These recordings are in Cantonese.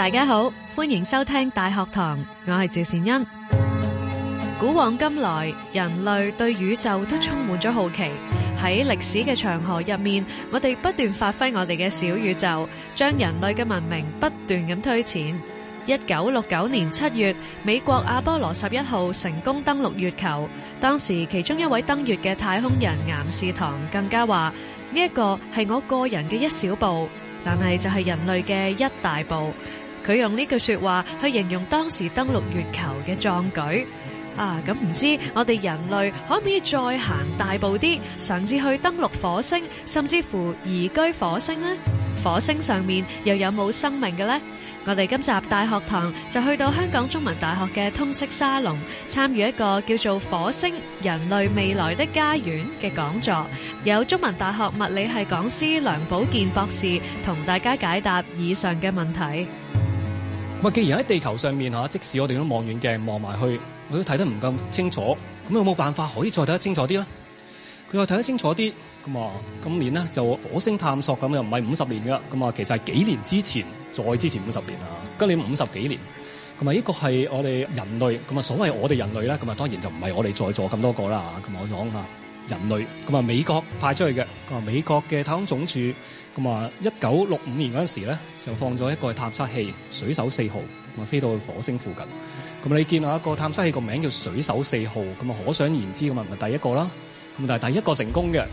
大家好，歡迎收聽大學堂，我係趙善恩。古往今來，人類對宇宙都充滿咗好奇。喺歷史嘅長河入面，我哋不斷發揮我哋嘅小宇宙，將人類嘅文明不斷咁推前。一九六九年七月，美國阿波羅十一號成功登陸月球。當時其中一位登月嘅太空人岩士堂更加話：呢一個係我個人嘅一小步，但係就係人類嘅一大步。佢用呢句說話去形容當時登陸月球嘅壯舉啊！咁唔知我哋人類可唔可以再行大步啲，嘗試去登陸火星，甚至乎移居火星咧？火星上面又有冇生命嘅咧？我哋今集大學堂就去到香港中文大學嘅通識沙龍，參與一個叫做《火星人類未來的家園》嘅講座，有中文大學物理係講師梁寶健博士同大家解答以上嘅問題。咪既然喺地球上面嚇，即使我哋都望遠鏡望埋去，佢都睇得唔咁清楚，咁有冇辦法可以再睇得清楚啲咧？佢話睇得清楚啲。咁啊今年咧就火星探索咁又唔係五十年噶，咁啊其實係幾年之前再之前五十年啊，今年五十幾年，咁啊呢個係我哋人類，咁啊所謂我哋人類啦。咁啊當然就唔係我哋在座咁多個啦嚇，咁我講嚇。人類咁啊，美國派出去嘅，啊美國嘅太空總署，咁啊一九六五年嗰陣時咧，就放咗一個探測器水手四號，咁啊飛到火星附近，咁你見到一個探測器個名叫水手四號，咁啊可想而知。咁啊，唔係第一個啦，咁但係第一個成功嘅。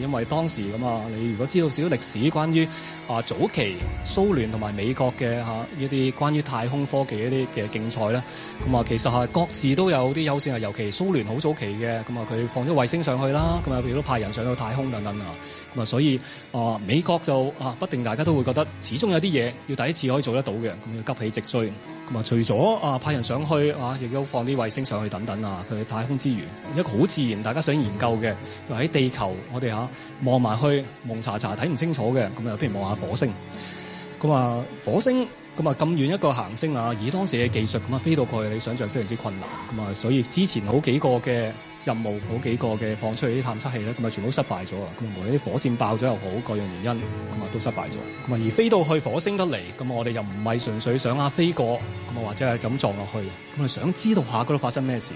因為當時咁啊，你如果知道少少歷史關於，關於啊早期蘇聯同埋美國嘅嚇呢啲關於太空科技一啲嘅競賽咧，咁啊其實係各自都有啲優先，尤其蘇聯好早期嘅，咁啊佢放咗衛星上去啦，咁啊亦都派人上到太空等等啊，咁啊所以啊美國就啊不定大家都會覺得始終有啲嘢要第一次可以做得到嘅，咁要急起直追。除咗啊，派人上去啊，亦都放啲衛星上去等等啊，佢太空之餘一個好自然，大家想研究嘅。喺地球，我哋嚇望埋去蒙查查睇唔清楚嘅，咁啊，不如望下火星。咁啊，火星咁啊咁遠一個行星啊，以當時嘅技術咁啊飛到過去，你想像非常之困難。咁啊，所以之前好幾個嘅。任務嗰幾個嘅放出去啲探測器咧，咁啊全部都失敗咗啊！無論啲火箭爆咗又好，各樣原因，咁啊都失敗咗。咁啊而飛到去火星得嚟，咁啊我哋又唔係純粹想啊飛過，咁啊或者係咁撞落去，咁啊想知道下嗰度發生咩事。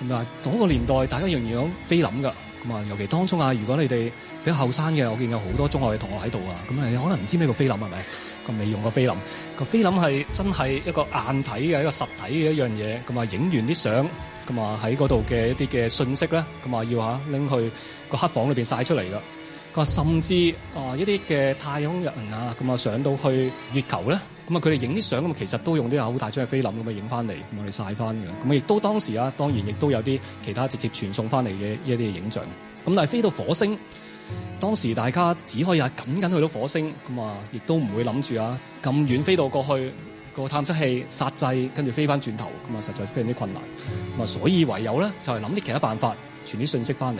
咁啊嗰個年代，大家仍然講菲林噶。咁啊尤其當中啊，如果你哋比較後生嘅，我見有好多中學嘅同學喺度啊。咁啊你可能唔知咩叫菲林係咪？咁未用過菲林，個菲林係真係一個硬體嘅一個實體嘅一樣嘢。咁啊影完啲相。咁、嗯嗯、啊，喺嗰度嘅一啲嘅信息咧，咁啊要嚇拎去個黑房裏邊晒出嚟噶。咁、嗯、啊，佢話甚至啊一啲嘅太空人啊，咁、嗯、啊上到去月球咧，咁啊佢哋影啲相咁啊，其實都用啲好大張嘅菲林咁啊影翻嚟，咁、嗯、我哋晒翻嘅。咁、嗯、啊，亦、嗯、都當時啊，當然亦都有啲其他直接傳送翻嚟嘅一啲嘅影像。咁、嗯、但係飛到火星，當時大家只可以啊緊緊緊去到火星，咁、嗯嗯、啊亦都唔會諗住啊咁遠飛到過去。個探測器殺掣，跟住飛翻轉頭，咁啊，實在非常之困難。咁啊，所以唯有咧就係諗啲其他辦法傳啲信息翻嚟。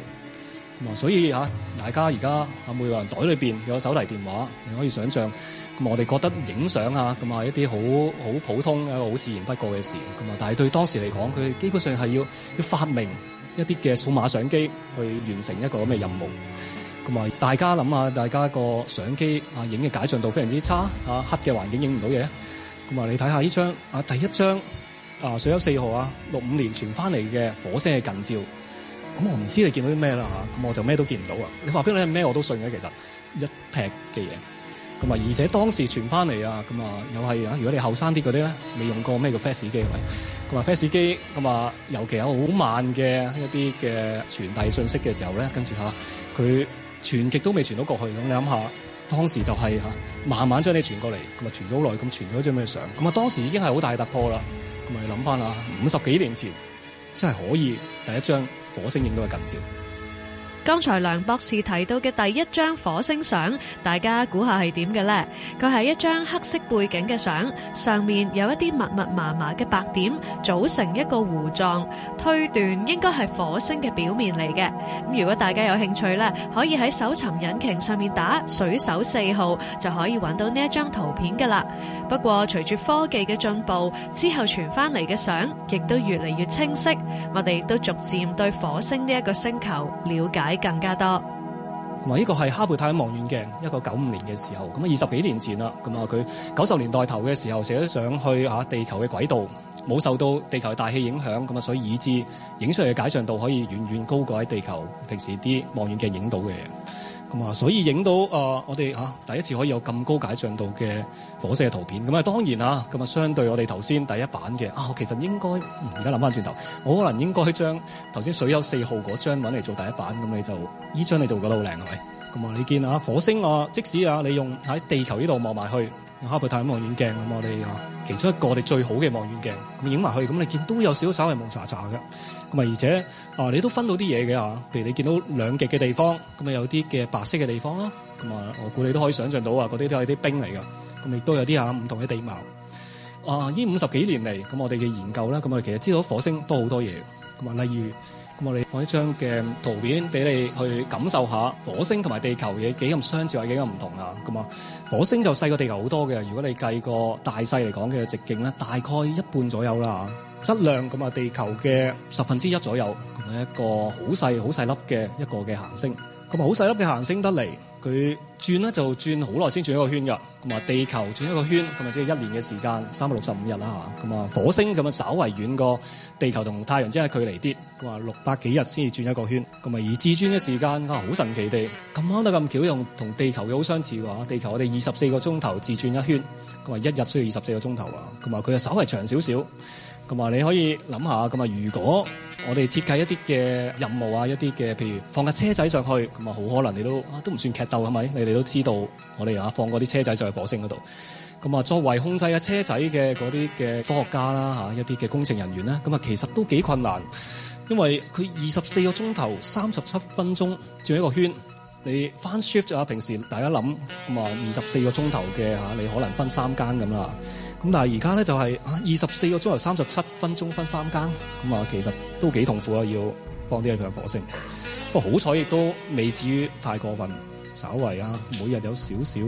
咁啊，所以、啊、大家而家啊，每個人袋裏面有手提電話，你可以想象。咁我哋覺得影相啊，咁啊一啲好好普通一個好自然不過嘅事。咁啊，但係對當時嚟講，佢基本上係要要發明一啲嘅數碼相機去完成一個咁嘅任務。咁啊，大家諗下，大家個相機啊影嘅解像度非常之差，啊黑嘅環境影唔到嘢。咁啊，你睇下呢張啊，第一張啊，水手四號啊，六五年傳翻嚟嘅火星嘅近照。咁我唔知你見到啲咩啦吓，咁我就咩都見唔到啊！你話俾你咩我都信嘅，其實一劈嘅嘢。咁啊，而且當時傳翻嚟啊，咁啊，又係啊，如果你後生啲嗰啲咧，未用過咩叫 fast 機，係咪？咁啊，fast 機咁啊，尤其有好慢嘅一啲嘅傳遞信息嘅時候咧，跟住吓，佢傳極都未傳到過去，咁你諗下。當時就係嚇，慢慢將你傳過嚟，咁啊傳咗好耐，咁傳咗一張咩相？咁啊當時已經係好大突破啦。咁啊諗翻啦，五十幾年前真係可以第一張火星影到嘅近照。剛才梁博士提到嘅第一張火星相，大家估下係點嘅呢？佢係一張黑色背景嘅相，上面有一啲密密麻麻嘅白點組成一個弧狀，推斷應該係火星嘅表面嚟嘅。咁如果大家有興趣咧，可以喺搜尋引擎上面打水手四號，就可以揾到呢一張圖片噶啦。不過隨住科技嘅進步，之後傳翻嚟嘅相亦都越嚟越清晰，我哋亦都逐漸對火星呢一個星球了解更加多，同埋呢個係哈勃太空望遠鏡一九九五年嘅時候，咁啊二十幾年前啦，咁啊佢九十年代頭嘅時候，寫咗上去吓地球嘅軌道，冇受到地球嘅大氣影響，咁啊所以以致影出嚟嘅解像度可以遠遠高過喺地球平時啲望遠鏡影到嘅嘢，咁、嗯、啊，所以影到、呃、啊，我哋啊第一次可以有咁高解像度嘅火星嘅圖片。咁、嗯、啊，當然啦，咁啊、嗯，相對我哋頭先第一版嘅啊，其實應該而家諗翻轉頭，我可能應該將頭先水丘四號嗰張揾嚟做第一版。咁你就依張你就會覺得好靚，係咪？咁啊、嗯嗯，你見啊，火星啊，即使啊，你用喺地球呢度望埋去。哈勃太空望遠鏡咁，我哋啊其中一個我哋最好嘅望遠鏡咁影埋去，咁你見都有少少稍微蒙查查嘅，咁啊而且啊你都分到啲嘢嘅啊，譬如你見到兩極嘅地方咁啊有啲嘅白色嘅地方啦，咁啊我估你都可以想象到啊嗰啲都係啲冰嚟㗎，咁亦都有啲啊唔同嘅地貌。啊呢五十幾年嚟，咁我哋嘅研究啦，咁我哋其實知道火星都好多嘢，咁啊例如。我哋放一張嘅圖片俾你去感受下火星同埋地球嘅幾咁相似，或幾咁唔同啊！咁啊，火星就細過地球好多嘅。如果你計個大細嚟講嘅直徑咧，大概一半左右啦。質量咁啊，地球嘅十分之一左右，咁一個好細好細粒嘅一個嘅行星。咁啊，好細粒嘅行星得嚟，佢轉咧就轉好耐先轉一個圈㗎。咁啊，地球轉一個圈，咁啊即係一年嘅時間，三百六十五日啦吓，咁啊，火星咁樣稍為遠過地球同太陽之間嘅距離啲，話六百幾日先至轉一個圈。咁啊，而自轉嘅時間，我好神奇地咁啱得咁巧，用同地球嘅好相似㗎。地球我哋二十四個鐘頭自轉一圈，咁啊一日需要二十四個鐘頭啊。咁啊佢啊稍為長少少。咁啊，你可以諗下，咁啊，如果我哋設計一啲嘅任務啊，一啲嘅譬如放架車仔上去，咁啊，好可能你都啊都唔算劇鬥，係咪你哋都知道，我哋啊放嗰啲車仔上去火星嗰度，咁啊，作為控制架車仔嘅嗰啲嘅科學家啦吓一啲嘅工程人員啦，咁啊，其實都幾困難，因為佢二十四個鐘頭三十七分鐘轉一個圈。你翻 shift 啊！平時大家諗咁啊，二十四個鐘頭嘅吓你可能分三更咁啦。咁但係而家咧就係、是、啊，二十四個鐘頭三十七分鐘分三更咁啊，其實都幾痛苦啊！要放啲嘢上火星，不過好彩亦都未至於太過分，稍微啊，每日有少少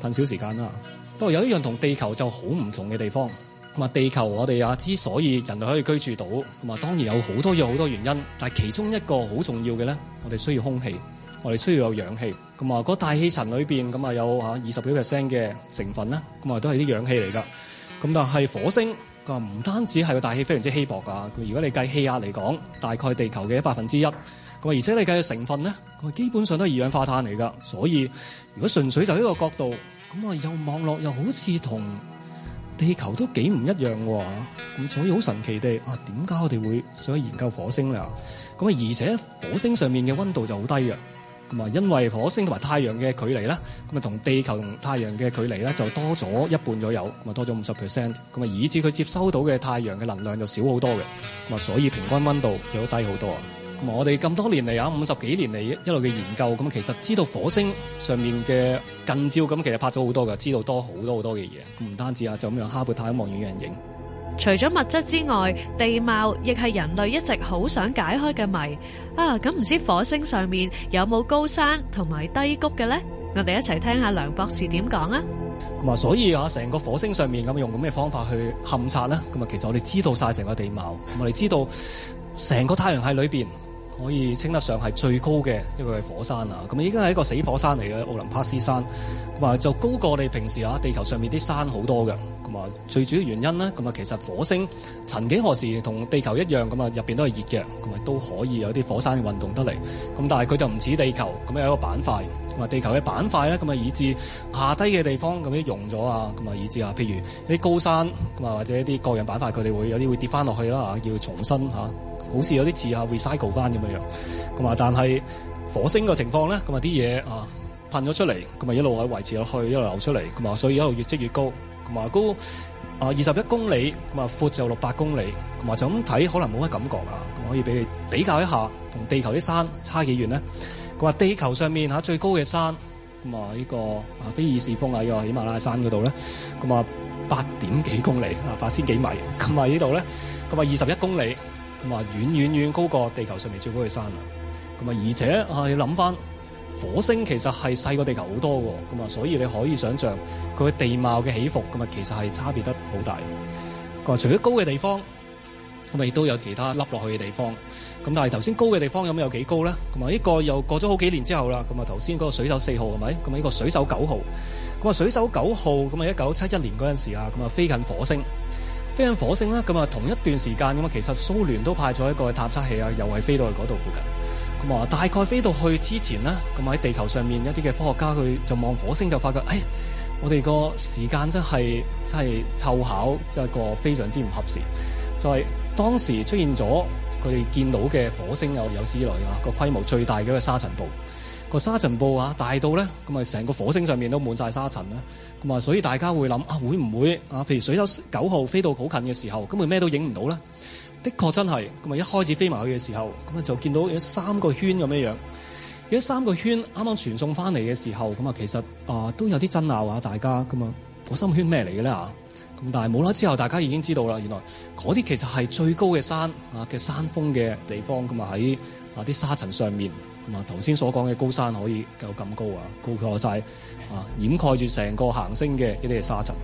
騰少時間啦。不過有一樣同地球就好唔同嘅地方，咁啊地球我哋啊之所以人類可以居住到，咁啊當然有好多嘢好多原因，但係其中一個好重要嘅咧，我哋需要空氣。我哋需要有氧氣，咁啊大氣層裏面咁啊有二十幾 percent 嘅成分咧，咁啊都係啲氧氣嚟㗎。咁但係火星，佢唔單止係個大氣非常之稀薄啊。如果你計氣壓嚟講，大概地球嘅百分之一。咁啊，而且你計嘅成分咧，佢基本上都係二氧化碳嚟㗎。所以如果純粹就呢個角度，咁啊又望落又好似同地球都幾唔一樣喎。咁所以好神奇地啊，點解我哋會想去研究火星咧？咁啊，而且火星上面嘅温度就好低嘅。同埋因為火星同埋太陽嘅距離咧，咁啊同地球同太陽嘅距離咧就多咗一半左右，咁啊多咗五十 percent，咁啊以致佢接收到嘅太陽嘅能量就少好多嘅，咁啊所以平均温度又低好多。咁啊，我哋咁多年嚟啊，五十幾年嚟一路嘅研究，咁其實知道火星上面嘅近照，咁其實拍咗好多㗎，知道多好多好多嘅嘢，咁唔單止啊，就咁樣哈勃太空望遠鏡影。除咗物質之外，地貌亦係人類一直好想解開嘅謎啊！咁唔知火星上面有冇高山同埋低谷嘅咧？我哋一齊聽下梁博士點講啊！咁啊，所以啊，成個火星上面咁用咁咩方法去勘察咧？咁啊，其實我哋知道晒成個地貌，我哋知道成個太陽系裏邊。可以稱得上係最高嘅一個火山啊！咁依家係一個死火山嚟嘅奧林匹斯山，咁啊就高過我哋平時啊，地球上面啲山好多嘅。咁啊最主要原因咧，咁啊其實火星曾幾何時同地球一樣，咁啊入邊都係熱嘅，咁啊，都可以有啲火山運動得嚟。咁但係佢就唔似地球，咁有一個板塊。咁啊地球嘅板塊咧，咁啊以至下低嘅地方咁樣溶咗啊，咁啊以至啊譬如啲高山，咁啊或者啲個人板塊，佢哋會有啲會跌翻落去啦啊，要重新嚇。好似有啲字啊，recycle 翻咁樣。樣，咁啊，但係火星嘅情況咧，咁啊啲嘢啊噴咗出嚟，咁啊一路喺維持落去，一路流出嚟，咁啊，所以一路越積越高，咁啊高啊二十一公里，咁啊闊就六百公里，咁啊就咁睇可能冇乜感覺啊，咁可以俾你比較一下，同地球啲山差幾遠咧？咁啊地球上面下最高嘅山，咁啊呢個啊非爾士峰個，啊，又喜馬拉雅山嗰度咧，咁啊八點幾公里啊，八千幾米，咁啊呢度咧，咁啊二十一公里。咁啊，遠遠遠高過地球上面最高嘅山啊！咁啊，而且啊，要諗翻火星其實係細過地球好多喎。咁啊，所以你可以想象佢嘅地貌嘅起伏，咁啊，其實係差別得好大。咁啊，除咗高嘅地方，咁啊，亦都有其他凹落去嘅地方。咁但係頭先高嘅地方有冇有幾高咧？咁啊，呢個又過咗好幾年之後啦。咁啊，頭先嗰個水手四號係咪？咁啊，呢個水手九號。咁啊，水手九號咁啊，一九七一年嗰陣時啊，咁啊，飛近火星。飛向火星啦，咁啊，同一段時間咁啊，其實蘇聯都派咗一個探測器啊，又係飛到去嗰度附近。咁啊，大概飛到去之前啦，咁喺地球上面一啲嘅科學家佢就望火星就發覺，誒，我哋個時間真係真係湊巧，一個非常之唔合時。就係、是、當時出現咗佢哋見到嘅火星有有史以來個規模最大嘅一個沙塵暴。個沙塵暴啊，大到咧，咁咪成個火星上面都滿晒沙塵啦，咁啊，所以大家會諗啊，會唔會啊？譬如水手九號飛到好近嘅時候，咁咪咩都影唔到咧？的確真係，咁咪一開始飛埋去嘅時候，咁啊就見到有三個圈咁樣樣，有三個圈啱啱傳送翻嚟嘅時候，咁啊其實啊都有啲爭拗啊大家，咁啊嗰三個圈咩嚟嘅咧？咁但係冇啦，之後大家已經知道啦，原來嗰啲其實係最高嘅山啊嘅山峰嘅地方，咁啊喺啊啲沙塵上面，咁啊頭先所講嘅高山可以夠咁高啊，高過晒，啊，掩蓋住成個行星嘅一啲嘅沙塵。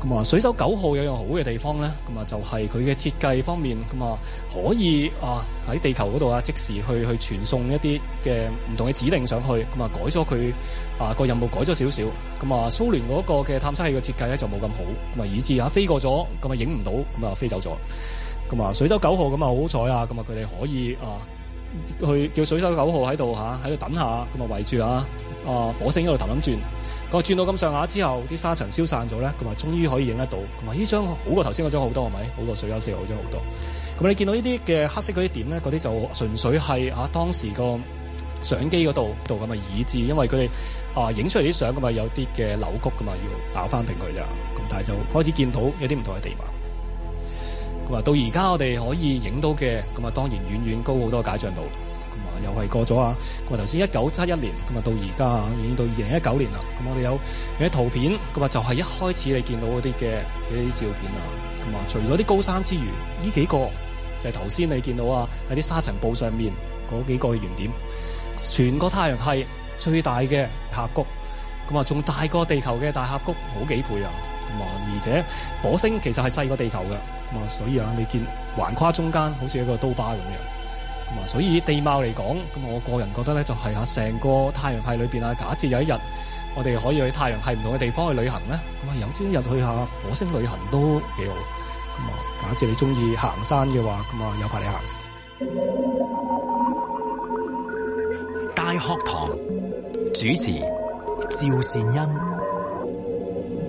咁啊，水手九號有樣好嘅地方咧，咁啊就係佢嘅設計方面，咁啊可以啊喺地球嗰度啊即時去去傳送一啲嘅唔同嘅指令上去，咁啊改咗佢啊個任務改咗少少，咁啊蘇聯嗰個嘅探測器嘅設計咧就冇咁好，咁啊以致啊飛過咗，咁啊影唔到，咁啊飛走咗，咁啊水手九號咁啊好彩啊，咁啊佢哋可以啊。去叫水手九號喺度，喺度等下，咁啊圍住啊，啊火星喺度氹氹轉，咁啊轉到咁上下之後，啲沙塵消散咗咧，咁啊終於可以影得到，咁啊呢張好過頭先嗰張好多係咪？好過水手四號張好多。咁你見到呢啲嘅黑色嗰啲點咧，嗰啲就純粹係當時個相機嗰度度咁咪以致，因為佢哋啊影出嚟啲相咁咪有啲嘅扭曲噶嘛，要攋翻平佢咋。咁但係就開始見到有啲唔同嘅地貌。到而家我哋可以影到嘅，咁啊當然遠遠高好多嘅解像度，咁啊又係過咗啊，咁啊頭先一九七一年，咁啊到而家啊已經到二零一九年啦，咁我哋有啲圖片，咁啊就係、是、一開始你見到嗰啲嘅啲照片啊，咁啊除咗啲高山之餘，呢幾個就係頭先你見到啊喺啲沙塵暴上面嗰幾個嘅原點，全個太陽系最大嘅峽谷，咁啊仲大過地球嘅大峽谷好幾倍啊！而且火星其實係細過地球嘅，咁啊，所以啊，你見橫跨中間好似一個刀疤咁樣，咁啊，所以地貌嚟講，咁我個人覺得咧就係啊，成個太陽系裏邊啊，假設有一日我哋可以去太陽系唔同嘅地方去旅行咧，咁啊，有朝一日去下火星旅行都幾好，咁啊，假設你中意行山嘅話，咁啊，有排你行。大學堂主持趙善恩。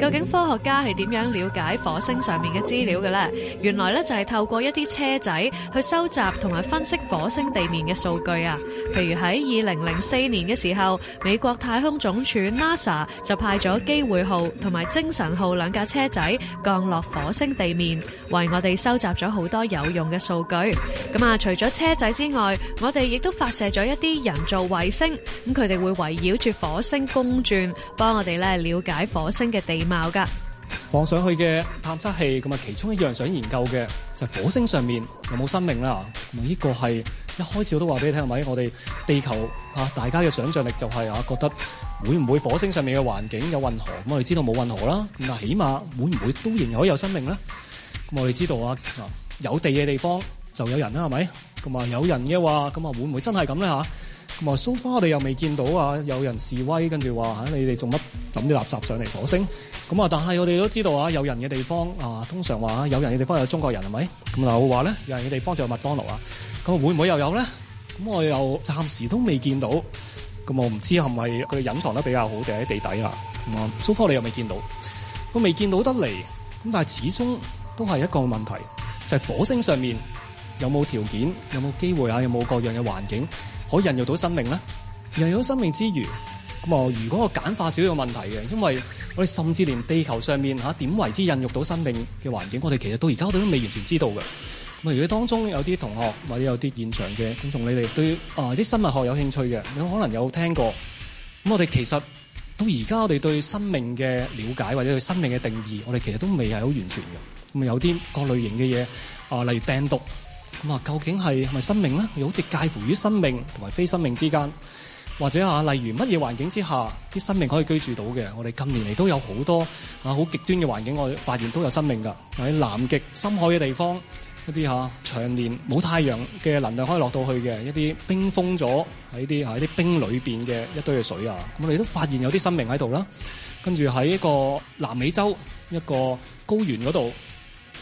究竟科學家係點樣了解火星上面嘅資料嘅咧？原來咧就係透過一啲車仔去收集同埋分析火星地面嘅數據啊。譬如喺二零零四年嘅時候，美國太空總署 NASA 就派咗機會號同埋精神號兩架車仔降落火星地面，為我哋收集咗好多有用嘅數據。咁啊，除咗車仔之外，我哋亦都發射咗一啲人造衛星，咁佢哋會圍繞住火星公轉，幫我哋咧了解火星嘅地面。冇噶，放上去嘅探測器，咁啊，其中一樣想研究嘅就係火星上面有冇生命啦。咁呢個係一開始我都話俾你聽，係咪？我哋地球吓，大家嘅想象力就係啊，覺得會唔會火星上面嘅環境有運河？咁我哋知道冇運河啦。咁起碼會唔會都仍然可以有生命咧？咁我哋知道啊，有地嘅地方就有人啦，係咪？同埋有人嘅話，咁啊，會唔會真係咁咧？吓？So far，我哋又未見到啊！有人示威，跟住話你哋做乜抌啲垃圾上嚟火星咁啊？但係我哋都知道啊，有人嘅地方啊，通常話有人嘅地方有中國人，係咪？咁嗱，我話咧，有人嘅地方就有麥當勞啊。咁會唔會又有咧？咁我又暫時都未見到，咁我唔知係咪佢隱藏得比較好，定喺地底啊？咁啊，So far 你又未見到，佢未見到得嚟咁，但係始終都係一個問題，就係、是、火星上面有冇條件，有冇機會啊？有冇各樣嘅環境？可孕育到生命咧？孕育到生命之餘，咁啊，如果我簡化少少問題嘅，因為我哋甚至連地球上面吓點為之孕育到生命嘅環境，我哋其實到而家我哋都未完全知道嘅。咁啊，如果當中有啲同學或者有啲現場嘅觀眾，你哋對啊啲生物學有興趣嘅，你可能有聽過。咁我哋其實到而家我哋對生命嘅了解或者對生命嘅定義，我哋其實都未係好完全嘅。咁有啲各類型嘅嘢啊，例如病毒。咁啊，究竟係係咪生命咧？又好似介乎於生命同埋非生命之間，或者啊，例如乜嘢環境之下啲生命可以居住到嘅？我哋近年嚟都有好多啊，好極端嘅環境，我哋發現都有生命㗎。喺南極深海嘅地方，一啲、啊、長年冇太陽嘅能量可以落到去嘅一啲冰封咗喺啲啲冰裏邊嘅一堆嘅水啊，咁我哋都發現有啲生命喺度啦。跟住喺一個南美洲一個高原嗰度，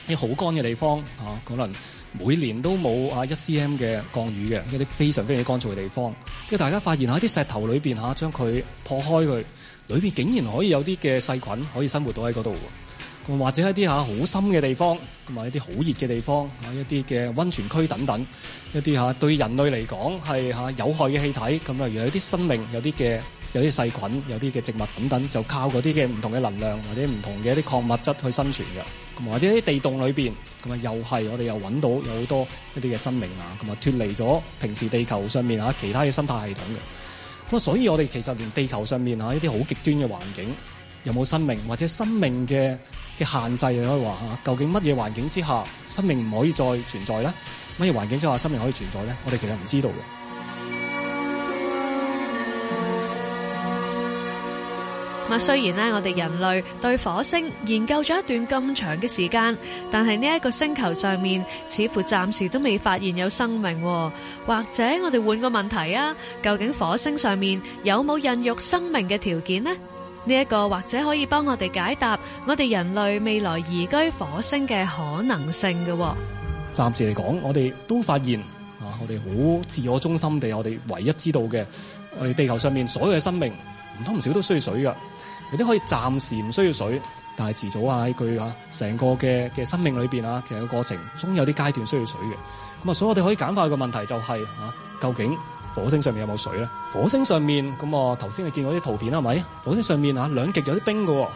啲好乾嘅地方、啊、可能。每年都冇啊一 cm 嘅降雨嘅一啲非常非常乾燥嘅地方，即係大家發現喺啲石頭裏邊吓將佢破開佢，裏邊竟然可以有啲嘅細菌可以生活到喺嗰度，或者一啲吓好深嘅地方同埋一啲好熱嘅地方嚇一啲嘅溫泉區等等，一啲吓對人類嚟講係吓有害嘅氣體，咁例如有啲生命有啲嘅。有啲細菌，有啲嘅植物等等，就靠嗰啲嘅唔同嘅能量或者唔同嘅一啲礦物質去生存嘅，或者喺地洞裏面，咁啊又係我哋又揾到有好多一啲嘅生命啊，同埋脫離咗平時地球上面啊，其他嘅生態系統嘅。咁啊，所以我哋其實連地球上面啊，一啲好極端嘅環境有冇生命，或者生命嘅嘅限制，你可以話嚇，啊，究竟乜嘢環境之下生命唔可以再存在咧？乜嘢環境之下生命可以存在咧？我哋其實唔知道嘅。咁啊，雖然咧，我哋人類對火星研究咗一段咁長嘅時間，但係呢一個星球上面似乎暫時都未發現有生命。或者我哋換個問題啊，究竟火星上面有冇孕育生命嘅條件呢？呢一個或者可以幫我哋解答我哋人類未來移居火星嘅可能性嘅。暫時嚟講，我哋都發現啊，我哋好自我中心地，我哋唯一知道嘅，我哋地球上面所有嘅生命唔多唔少都需要水㗎。有啲可以暫時唔需要水，但係遲早啊，一句啊，成個嘅嘅生命裏面啊，其實個過程中有啲階段需要水嘅。咁啊，所以我哋可以簡化一個問題，就是，就係究竟火星上面有冇水咧？火星上面，咁啊，頭先你見過啲圖片係咪？火星上面啊，兩極有啲冰喎。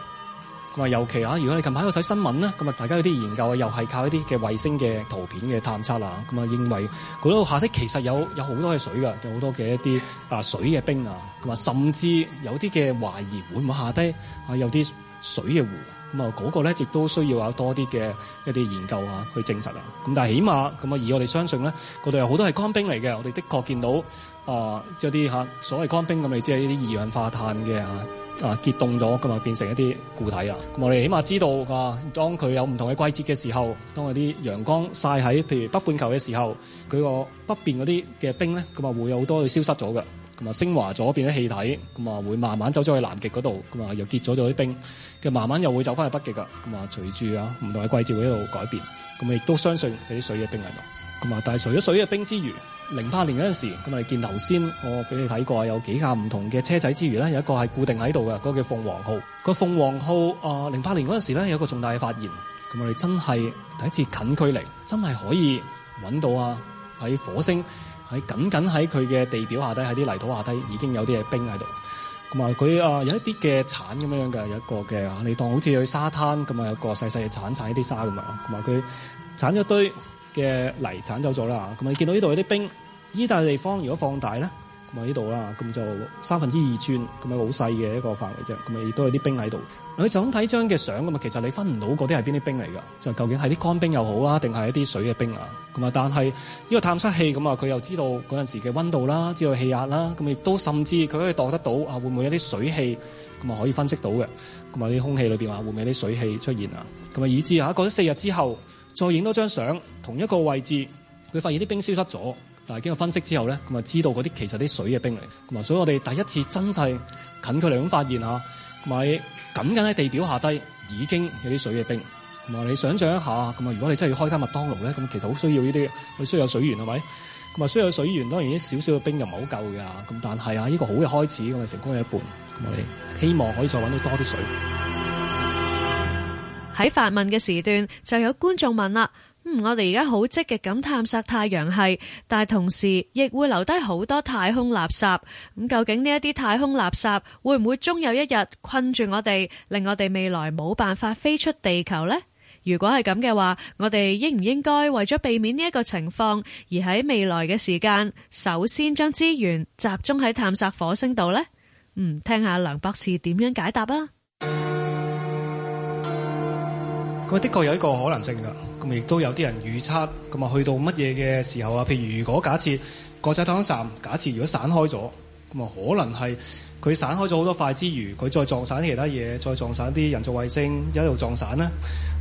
咁啊，尤其啊，如果你近排喺度睇新聞咧，咁啊，大家有啲研究又係靠一啲嘅衛星嘅圖片嘅探測啦。咁啊，認為嗰度下低其實有有好多嘅水噶，有好多嘅一啲啊水嘅冰啊。咁啊，甚至有啲嘅懷疑會唔會下低啊有啲水嘅湖。咁啊，嗰個咧亦都需要有多啲嘅一啲研究啊去證實啊。咁但係起碼咁啊，以我哋相信咧，嗰度有好多係乾冰嚟嘅。我哋的確見到啊，即有啲嚇所謂乾冰咁，你即係呢啲二氧化碳嘅嚇。啊，結凍咗噶嘛，變成一啲固體啦。咁我哋起碼知道啊，當佢有唔同嘅季節嘅時候，當有啲陽光曬喺，譬如北半球嘅時候，佢個北邊嗰啲嘅冰咧，咁啊會有好多消失咗嘅，同埋升華咗變咗氣體，咁啊會慢慢走咗去南極嗰度，咁啊又結咗咗啲冰，嘅慢慢又會走翻去北極噶，咁啊隨住啊唔同嘅季節會一路改變，咁亦都相信啲水嘅冰喺度。咁啊！但係除咗水嘅冰之餘，零八年嗰陣時，咁啊，見頭先我俾你睇過有幾架唔同嘅車仔之餘咧，有一個係固定喺度嘅，嗰、嗰個叫鳳凰號。嗰個鳳凰號啊，零、呃、八年嗰陣時咧，有一個重大嘅發現，咁我哋真係第一次近距離，真係可以揾到啊！喺火星，喺僅僅喺佢嘅地表下底，喺啲泥土下底，已經有啲嘢冰喺度。咁啊，佢、呃、啊有一啲嘅鏟咁樣嘅，有一個嘅，你當好似去沙灘咁啊，有個細細嘅鏟鏟啲沙咁啊，咁啊佢鏟咗一堆。嘅泥剷走咗啦，咁啊見到呢度有啲冰。呢笪地方如果放大咧，咁啊呢度啦，咁就三分之二寸，咁啊好細嘅一個範圍啫，咁啊亦都有啲冰喺度。佢就咁睇張嘅相咁啊，其實你分唔到嗰啲係邊啲冰嚟㗎？就究竟係啲乾冰又好啦，定係一啲水嘅冰啊？咁啊，但係呢個探測器咁啊，佢又知道嗰陣時嘅溫度啦，知道氣壓啦，咁亦都甚至佢可以度得到啊，會唔會有啲水氣？咁啊可以分析到嘅，同埋啲空氣裏面話、啊、會唔會有啲水氣出現啊？咁啊以至嚇過咗四日之後。再影多張相，同一個位置，佢發現啲冰消失咗。但係經過分析之後咧，咁啊知道嗰啲其實啲水嘅冰嚟。咁啊，所以我哋第一次真係近距離咁發現下，咁咪緊緊喺地表下低已經有啲水嘅冰。同埋你想象一下，咁啊如果你真係要開間麥當勞咧，咁其實好需要呢啲，佢需要有水源係咪？咁啊需要有水源，當然啲少少嘅冰又唔係好夠㗎。咁但係啊，呢個好嘅開始，咁咪成功一半。咁我哋希望可以再揾到多啲水。喺發問嘅時段，就有觀眾問啦，嗯，我哋而家好積極咁探索太陽系，但係同時亦會留低好多太空垃圾。咁、嗯、究竟呢一啲太空垃圾會唔會終有一日困住我哋，令我哋未來冇辦法飛出地球呢？如果係咁嘅話，我哋應唔應該為咗避免呢一個情況，而喺未來嘅時間，首先將資源集中喺探索火星度呢？嗯，聽下梁博士點樣解答啊！咁的確有一個可能性㗎。咁亦都有啲人預測。咁啊，去到乜嘢嘅時候啊？譬如如果假設國際太空站，假設如果散開咗，咁啊，可能係佢散開咗好多塊之餘，佢再撞散其他嘢，再撞散啲人造衛星，一路撞散啦，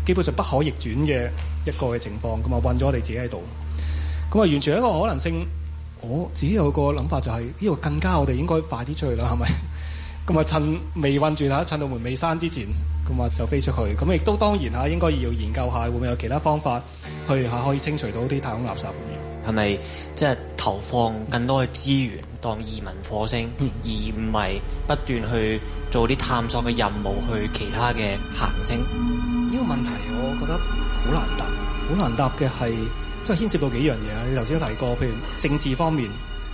基本上不可逆轉嘅一個嘅情況。咁啊，困咗我哋自己喺度。咁啊，完全有一個可能性。我自己有個諗法、就是，就係呢個更加我哋應該快啲出去啦，係咪？咁啊，趁未困住吓，趁到門未閂之前。咁就飛出去，咁亦都當然嚇應該要研究下會唔會有其他方法去嚇可以清除到啲太空垃圾，咁係咪即係投放更多嘅資源當移民火星，嗯、而唔係不斷去做啲探索嘅任務去其他嘅行星？呢個問題我覺得好難答，好難答嘅係即係牽涉到幾樣嘢。你頭先提過，譬如政治方面。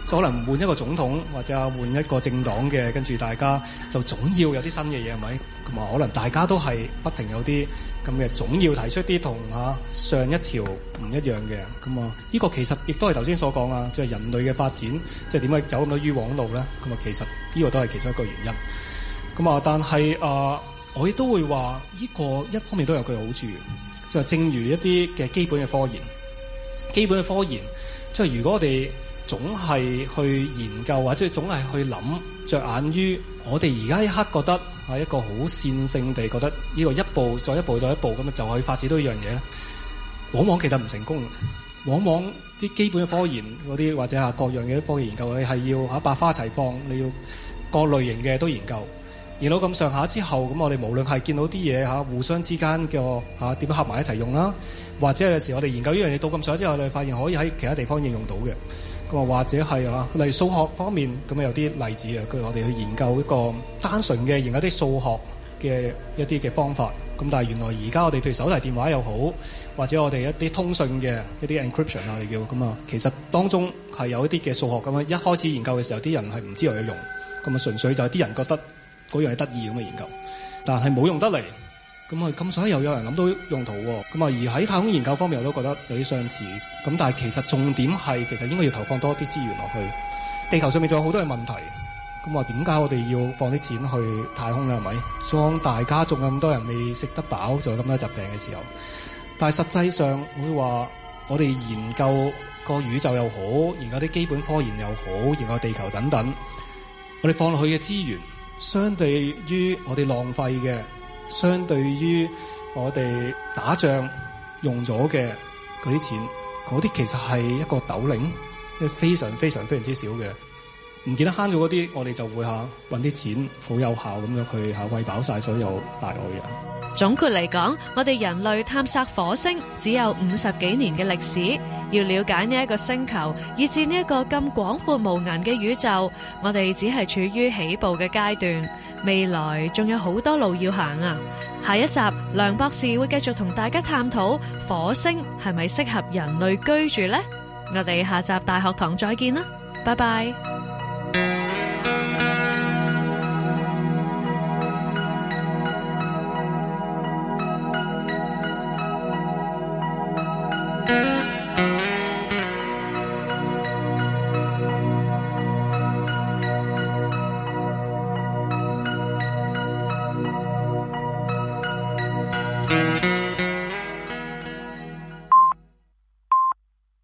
就可能換一個總統，或者啊換一個政黨嘅，跟住大家就總要有啲新嘅嘢，係咪？咁啊，可能大家都係不停有啲咁嘅，總要提出啲同嚇上一條唔一樣嘅咁啊！呢個其實亦都係頭先所講啊，就係人類嘅發展，即係點解走咁多冤枉路咧？咁啊，其實呢個都係其中一個原因。咁啊，但係啊，我亦都會話呢個一方面都有佢好處，就正如一啲嘅基本嘅科研，基本嘅科研，即係如果我哋。總係去研究，或者總係去諗，着眼於我哋而家一刻覺得一個好線性地覺得呢個一步再一步再一步咁就可以發展到一樣嘢咧。往往其實唔成功，往往啲基本嘅科研嗰啲或者啊各樣嘅啲科研研究，你係要嚇百花齊放，你要各類型嘅都研究研到咁上下之後，咁我哋無論係見到啲嘢互相之間嘅點樣合埋一齊用啦，或者有時我哋研究呢樣嘢到咁上下之後，你發現可以喺其他地方應用到嘅。咁或者係啊，例如數學方面咁啊，有啲例子啊，譬如我哋去研究一個單純嘅，研究啲數學嘅一啲嘅方法。咁但係原來而家我哋譬如手提電話又好，或者我哋一啲通訊嘅一啲 encryption 啊，嚟嘅。咁啊，其實當中係有一啲嘅數學咁樣。一開始研究嘅時候，啲人係唔知道有嘢用，咁啊，純粹就係啲人覺得嗰樣係得意咁嘅研究，但係冇用得嚟。咁啊，咁所以又有人諗到用途喎。咁啊，而喺太空研究方面，我都覺得有啲相似。咁但係其實重點係，其實應該要投放多啲資源落去。地球上面仲有好多嘅問題。咁啊，點解我哋要放啲錢去太空咧？係咪？當大家仲有咁多人未食得飽，就有咁多疾病嘅時候。但係實際上會話，我哋研究個宇宙又好，研究啲基本科研又好，研究地球等等，我哋放落去嘅資源，相對於我哋浪費嘅。相對於我哋打仗用咗嘅嗰啲錢，嗰啲其實係一個豆零，即係非常非常非常之少嘅，唔見得慳咗嗰啲，我哋就會吓揾啲錢好有效咁樣去嚇喂飽曬所有大愛人。總括嚟講，我哋人類探索火星只有五十幾年嘅歷史。要了解呢一個星球，以至呢一個咁廣闊無垠嘅宇宙，我哋只係處於起步嘅階段。未來仲有好多路要行啊！下一集梁博士會繼續同大家探討火星係咪適合人類居住呢？我哋下集大學堂再見啦，拜拜。